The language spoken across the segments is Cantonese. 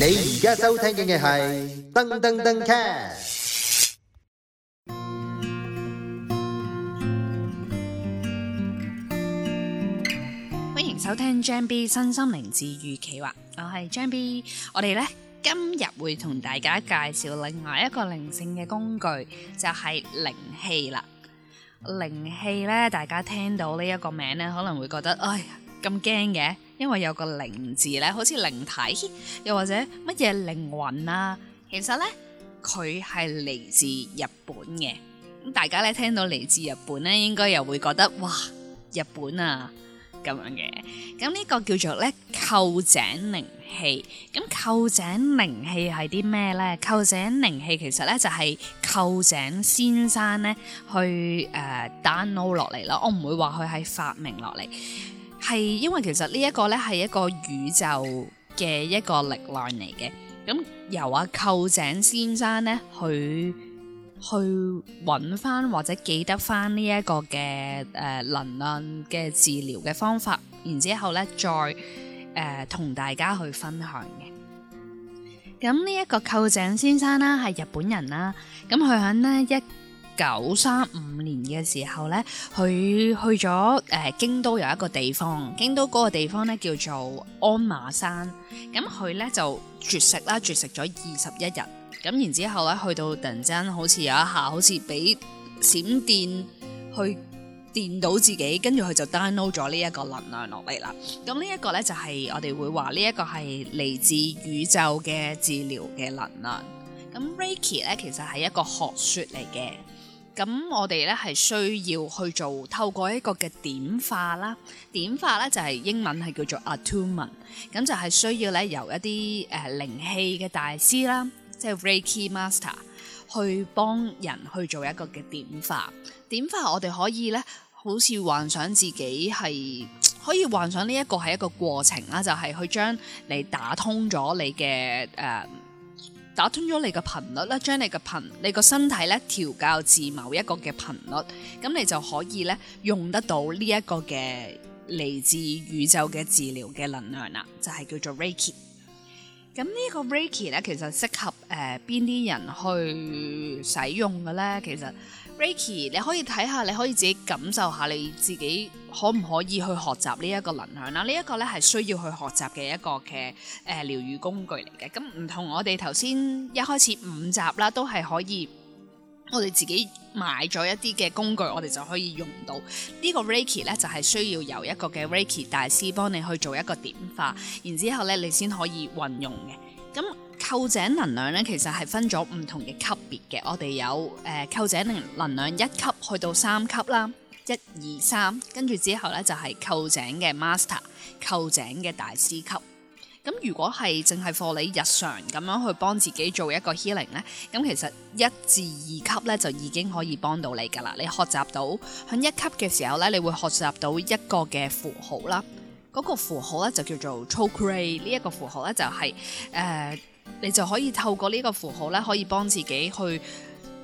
你而家收聽緊嘅係噔噔噔 cast，歡迎收聽張 B 身心靈治癒企劃，我係張 B，我哋咧今日會同大家介紹另外一個靈性嘅工具，就係靈氣啦。靈氣咧，大家聽到呢一個名咧，可能會覺得哎呀咁驚嘅。因為有個靈字咧，好似靈體，又或者乜嘢靈魂啊，其實咧佢係嚟自日本嘅。咁大家咧聽到嚟自日本咧，應該又會覺得哇，日本啊咁樣嘅。咁呢個叫做咧臼井靈氣。咁臼井靈氣係啲咩咧？臼井靈氣其實咧就係臼井先生咧去誒 download 落嚟咯。我唔會話佢係發明落嚟，係因為其實呢一個呢係一個宇宙嘅一個力量嚟嘅，咁由阿、啊、寇井先生呢去去揾翻或者記得翻呢一個嘅誒、呃、能量嘅治療嘅方法，然之後呢再誒、呃、同大家去分享嘅。咁呢一個寇井先生啦係日本人啦、啊，咁佢響呢一九三五年嘅時候咧，佢去咗誒、呃、京都有一個地方，京都嗰個地方咧叫做鞍馬山。咁佢咧就絕食啦，絕食咗二十一日。咁然之後咧，去到突然之間，好似有一下，好似俾閃電去電到自己，跟住佢就 download 咗呢一個能量落嚟啦。咁呢一、就是、個咧就係我哋會話呢一個係嚟自宇宙嘅治療嘅能量。咁 Reiki 咧其實係一個學説嚟嘅。咁我哋咧係需要去做，透過一個嘅點化啦，點化咧就係英文係叫做 attunement，咁就係需要咧由一啲誒靈氣嘅大師啦，即係 reiki master 去幫人去做一個嘅點化。點化我哋可以咧，好似幻想自己係可以幻想呢一個係一個過程啦，就係去將你打通咗你嘅誒。打通咗你嘅頻率咧，將你嘅頻，你個身體咧調教至某一個嘅頻率，咁你就可以咧用得到呢一個嘅嚟自宇宙嘅治療嘅能量啦，就係叫做 Reiki。咁呢個 Reiki 咧，其實適合誒邊啲人去使用嘅咧？其實。Reiki 你可以睇下，你可以自己感受下你自己可唔可以去學習呢一個能量啦，啊。這個，呢一個咧係需要去學習嘅一個嘅誒、呃、療愈工具嚟嘅。咁唔同我哋頭先一開始五集啦，都係可以我哋自己買咗一啲嘅工具，我哋就可以用到。這個，呢個 Reiki 咧就係、是，需要由一個嘅 Reiki 大師幫你去做一個點化，然之後咧你先可以運用嘅。咁扣井能量咧，其實係分咗唔同嘅級別嘅。我哋有誒、呃、扣井能能量一級去到三級啦，一二三，跟住之後咧就係扣井嘅 Master，扣井嘅大師級。咁如果係淨係貨你日常咁樣去幫自己做一個 Healing 咧，咁其實一至二級咧就已經可以幫到你噶啦。你學習到響一級嘅時候咧，你會學習到一個嘅符號啦，嗰、那個符號咧就叫做 Cho Ku Rei，呢一個符號咧就係、是、誒。呃你就可以透過呢個符號咧，可以幫自己去誒響、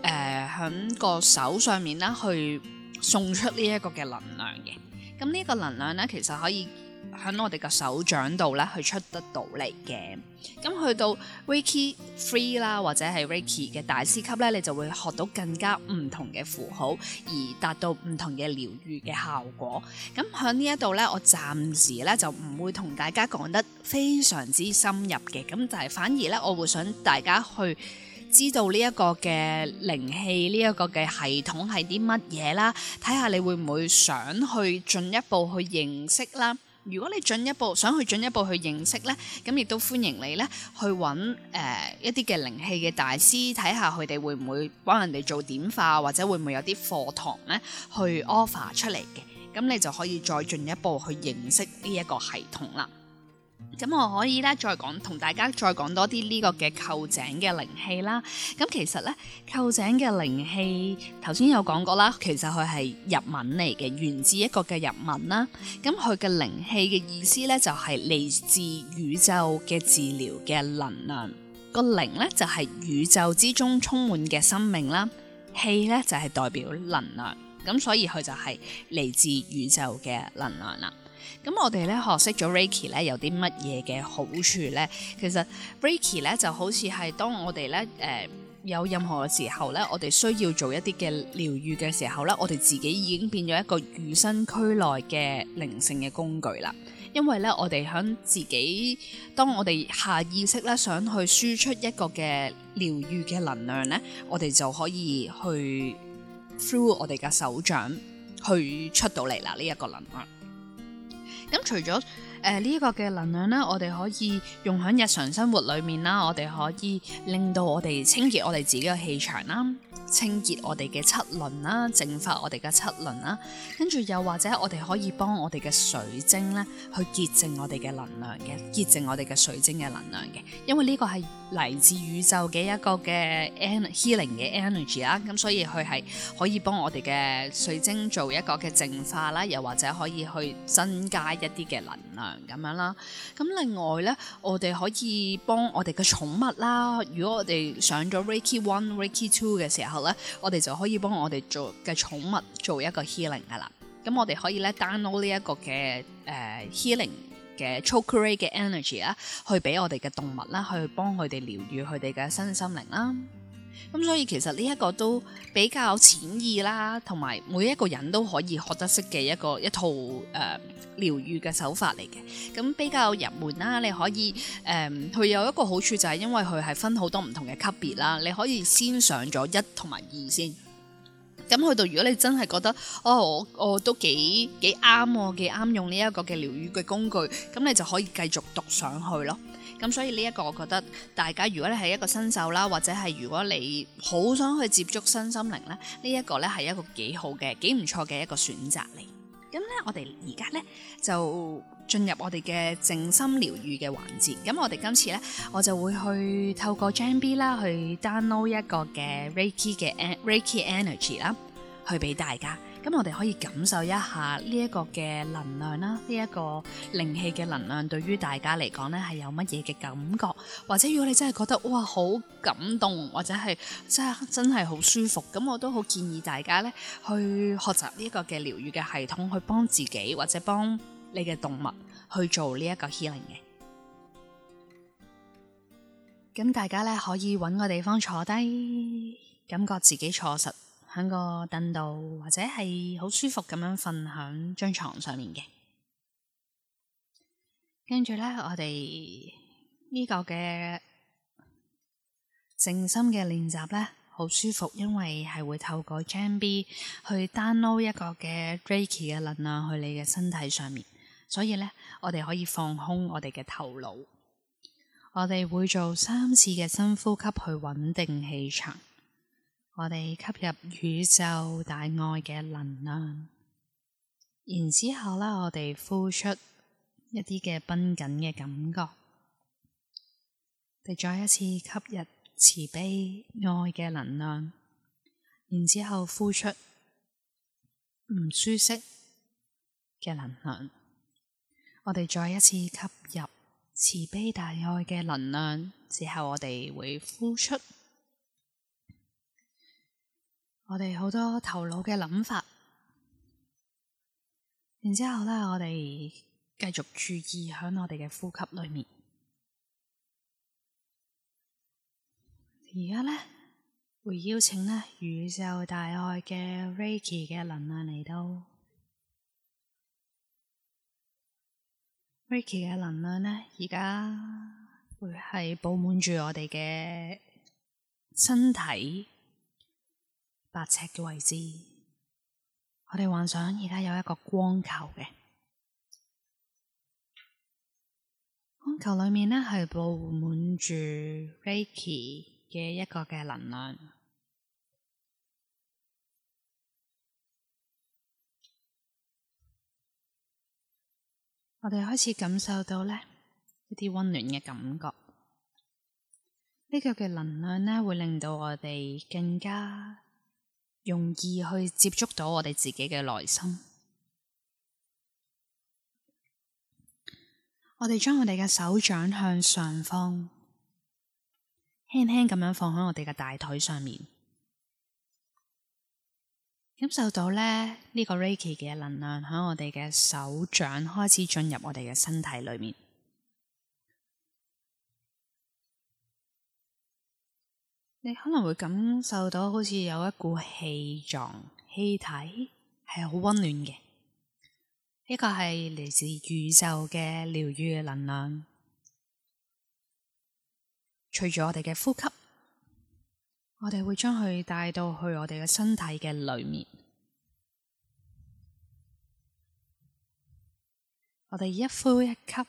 呃、個手上面咧，去送出呢一個嘅能量嘅。咁呢個能量咧，其實可以。喺我哋個手掌度咧，去出得到嚟嘅。咁去到 Reiki 3啦，或者係 Reiki 嘅大師級咧，你就會學到更加唔同嘅符號，而達到唔同嘅療癒嘅效果。咁喺呢一度咧，我暫時咧就唔會同大家講得非常之深入嘅。咁但係反而咧，我會想大家去知道呢一個嘅靈氣呢一個嘅系統係啲乜嘢啦，睇下你會唔會想去進一步去認識啦。如果你進一步想去進一步去認識呢，咁亦都歡迎你呢去揾誒、呃、一啲嘅靈氣嘅大師，睇下佢哋會唔會幫人哋做點化，或者會唔會有啲課堂呢去 offer 出嚟嘅，咁你就可以再進一步去認識呢一個系統啦。咁我可以咧再講，同大家再講多啲呢個嘅扣井嘅靈氣啦。咁其實呢扣井嘅靈氣，頭先有講過啦。其實佢係日文嚟嘅，源自一個嘅日文啦。咁佢嘅靈氣嘅意思呢，就係嚟自宇宙嘅治療嘅能量。個靈呢，就係宇宙之中充滿嘅生命啦，氣呢，就係代表能量。咁所以佢就係嚟自宇宙嘅能量啦。咁我哋咧學識咗 Reiki 咧，有啲乜嘢嘅好處咧？其實 Reiki 咧就好似係當我哋咧誒有任何嘅時候咧，我哋需要做一啲嘅療愈嘅時候咧，我哋自己已經變咗一個與生俱來嘅靈性嘅工具啦。因為咧，我哋響自己當我哋下意識咧想去輸出一個嘅療愈嘅能量咧，我哋就可以去 through 我哋嘅手掌去出到嚟啦呢一個能量。咁、嗯、除咗。誒呢個嘅能量咧，我哋可以用喺日常生活裏面啦。我哋可以令到我哋清潔我哋自己嘅氣場啦，清潔我哋嘅七輪啦，淨化我哋嘅七輪啦。跟住又或者我哋可以幫我哋嘅水晶咧，去潔淨我哋嘅能量嘅，潔淨我哋嘅水晶嘅能量嘅。因為呢個係嚟自宇宙嘅一個嘅 healing 嘅 energy 啦、啊。咁、嗯、所以佢係可以幫我哋嘅水晶做一個嘅淨化啦，又或者可以去增加一啲嘅能量。咁樣啦，咁另外咧，我哋可以幫我哋嘅寵物啦。如果我哋上咗 Reiki One、Reiki Two 嘅時候咧，我哋就可以幫我哋做嘅寵物做一個 healing 噶啦。咁、嗯、我哋可以咧 download 呢一個嘅誒、呃、healing 嘅 chakra 嘅 energy 啦，去俾我哋嘅動物啦，去幫佢哋療愈佢哋嘅身心靈啦。咁、嗯、所以其實呢一個都比較淺易啦，同埋每一個人都可以學得識嘅一個一套誒、呃、療愈嘅手法嚟嘅，咁、嗯、比較入門啦。你可以誒，佢、呃、有一個好處就係因為佢係分好多唔同嘅級別啦，你可以先上咗一同埋二先。咁去到如果你真係覺得哦，我我都幾幾啱，我幾啱用呢一個嘅療愈嘅工具，咁你就可以繼續讀上去咯。咁所以呢一個，我覺得大家如果你係一個新手啦，或者係如果你好想去接觸身心靈咧，呢一個咧係一個幾好嘅、幾唔錯嘅一個選擇嚟。咁咧，那我哋而家咧就進入我哋嘅靜心療愈嘅環節，咁我哋今次咧，我就會去透過 j a m b 啦，去 download 一個嘅 Reiki 嘅 en, Reiki Energy 啦，去俾大家。咁我哋可以感受一下呢一個嘅能量啦，呢一個靈氣嘅能量對於大家嚟講呢係有乜嘢嘅感覺？或者如果你真係覺得哇好感動，或者係真係真係好舒服，咁我都好建議大家呢去學習呢一個嘅療癒嘅系統，去幫自己或者幫你嘅動物去做呢一個 healing 嘅。咁大家呢可以揾個地方坐低，感覺自己坐實。喺個凳度，或者係好舒服咁樣瞓喺張床上面嘅。跟住咧，我哋呢個嘅靜心嘅練習咧，好舒服，因為係會透過 Jambi 去 download 一個嘅 Reiki 嘅能量去你嘅身體上面，所以咧我哋可以放空我哋嘅頭腦。我哋會做三次嘅深呼吸去穩定氣場。我哋吸入宇宙大愛嘅能量，然之後咧，我哋呼出一啲嘅繃緊嘅感覺，我哋再一次吸入慈悲愛嘅能量，然之後呼出唔舒適嘅能量。我哋再一次吸入慈悲大愛嘅能量，之後我哋會呼出。我哋好多頭腦嘅諗法，然之後咧，我哋繼續注意響我哋嘅呼吸裏面。而家呢，會邀請呢宇宙大愛嘅 Reiki 嘅能量嚟到，Reiki 嘅能量呢，而家會係布滿住我哋嘅身體。八尺嘅位置，我哋幻想而家有一個光球嘅光球，裏面咧係布滿住 Reiki 嘅一個嘅能量。我哋開始感受到呢一啲溫暖嘅感覺，呢、這個嘅能量咧會令到我哋更加。容易去接觸到我哋自己嘅內心。我哋將我哋嘅手掌向上方，輕輕咁樣放喺我哋嘅大腿上面，感受到咧呢個 Reiki 嘅能量喺我哋嘅手掌開始進入我哋嘅身體裏面。你可能會感受到好似有一股氣狀氣體係好温暖嘅，呢個係嚟自宇宙嘅療愈嘅能量。隨住我哋嘅呼吸，我哋會將佢帶到去我哋嘅身體嘅裏面。我哋一呼一吸。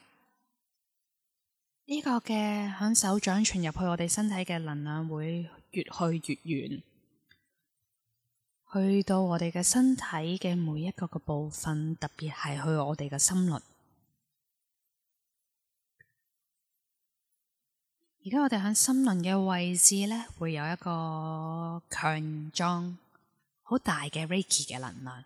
呢個嘅，響手掌傳入去我哋身體嘅能量會越去越遠，去到我哋嘅身體嘅每一個嘅部分，特別係去我哋嘅心輪。而家我哋響心輪嘅位置咧，會有一個強壯好大嘅 Reiki 嘅能量。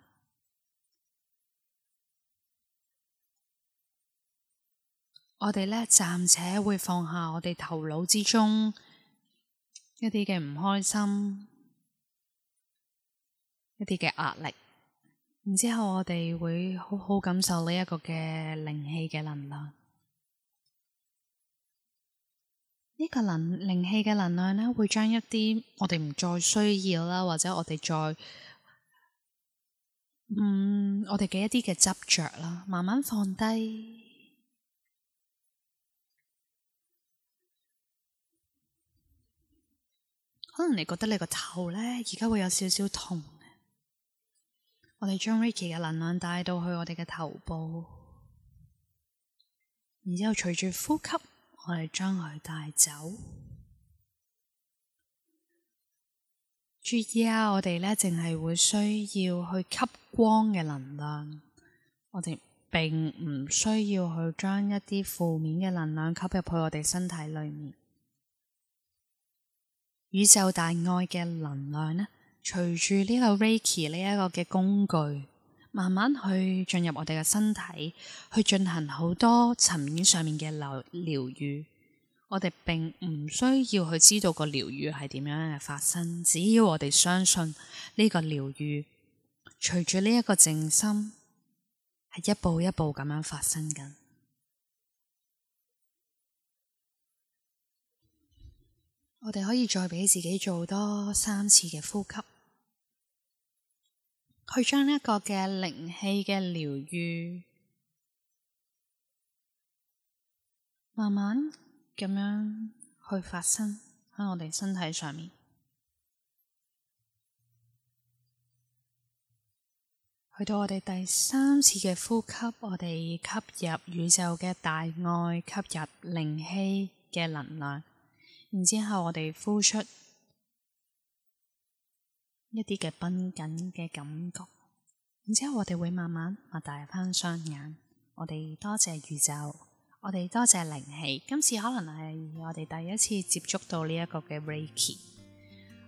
我哋咧暫且會放下我哋頭腦之中一啲嘅唔開心、一啲嘅壓力，然之後我哋會好好感受呢一個嘅靈氣嘅能量。呢個能靈氣嘅能量咧，會將一啲我哋唔再需要啦，或者我哋再嗯我哋嘅一啲嘅執着啦，慢慢放低。可能你覺得你個頭呢，而家會有少少痛。我哋將 Ricky 嘅能量帶到去我哋嘅頭部，然之後隨住呼吸，我哋將佢帶走。注意啊我，我哋呢淨係會需要去吸光嘅能量，我哋並唔需要去將一啲負面嘅能量吸入去我哋身體裏面。宇宙大愛嘅能量咧，隨住呢個 Reiki 呢一個嘅工具，慢慢去進入我哋嘅身體，去進行好多層面上面嘅療療癒。我哋並唔需要去知道個療癒係點樣樣嘅發生，只要我哋相信呢個療癒，隨住呢一個靜心，係一步一步咁樣發生緊。我哋可以再畀自己做多三次嘅呼吸，去將一個嘅靈氣嘅療愈，慢慢咁樣去發生喺我哋身體上面。去到我哋第三次嘅呼吸，我哋吸入宇宙嘅大愛，吸入靈氣嘅能量。然之後，我哋呼出一啲嘅緊繃嘅感覺。然之後，我哋會慢慢擘大翻雙眼。我哋多謝宇宙，我哋多謝靈氣。今次可能係我哋第一次接觸到呢一個嘅 Reiki。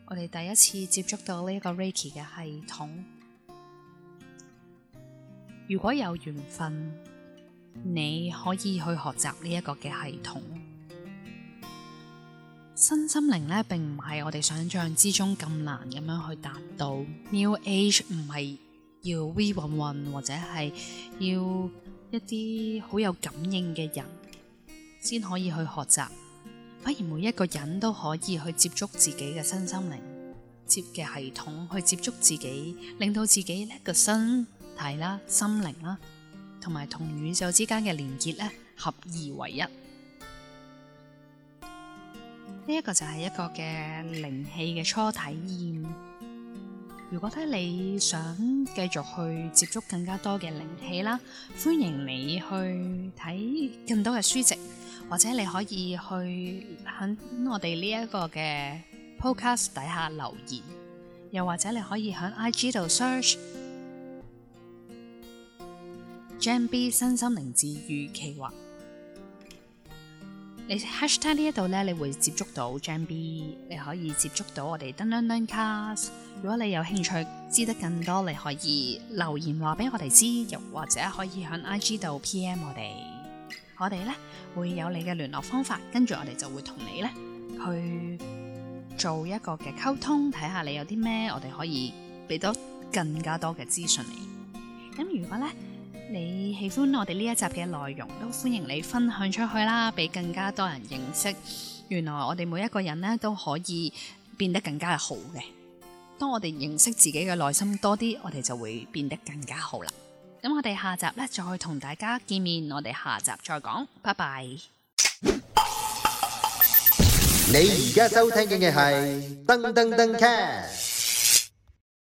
我哋第一次接觸到呢一個 Reiki 嘅系統。如果有緣分，你可以去學習呢一個嘅系統。身心靈咧，並唔係我哋想象之中咁難咁樣去達到。New Age 唔係要 we 運運或者係要一啲好有感應嘅人先可以去學習，反而每一個人都可以去接觸自己嘅身心靈，接嘅系統去接觸自己，令到自己呢個身體啦、心靈啦，同埋同宇宙之間嘅連結咧，合二為一。呢一個就係一個嘅靈氣嘅初體驗。如果睇你想繼續去接觸更加多嘅靈氣啦，歡迎你去睇更多嘅書籍，或者你可以去喺我哋呢一個嘅 podcast 底下留言，又或者你可以喺 I G 度 search Gem B 身心靈智與企劃。你 hashtag 呢一度咧，你會接觸到 Gemini，你可以接觸到我哋噔噔噔 cast。如果你有興趣知得更多，你可以留言話俾我哋知，又或者可以喺 IG 度 PM 我哋，我哋咧會有你嘅聯絡方法，跟住我哋就會同你咧去做一個嘅溝通，睇下你有啲咩我哋可以俾到更加多嘅資訊你。咁、嗯、如果咧，你喜歡我哋呢一集嘅內容，都歡迎你分享出去啦，俾更加多人認識。原來我哋每一個人呢都可以變得更加好嘅。當我哋認識自己嘅內心多啲，我哋就會變得更加好啦。咁我哋下集咧再同大家見面，我哋下集再講，拜拜。你而家收聽嘅係噔噔噔 cast。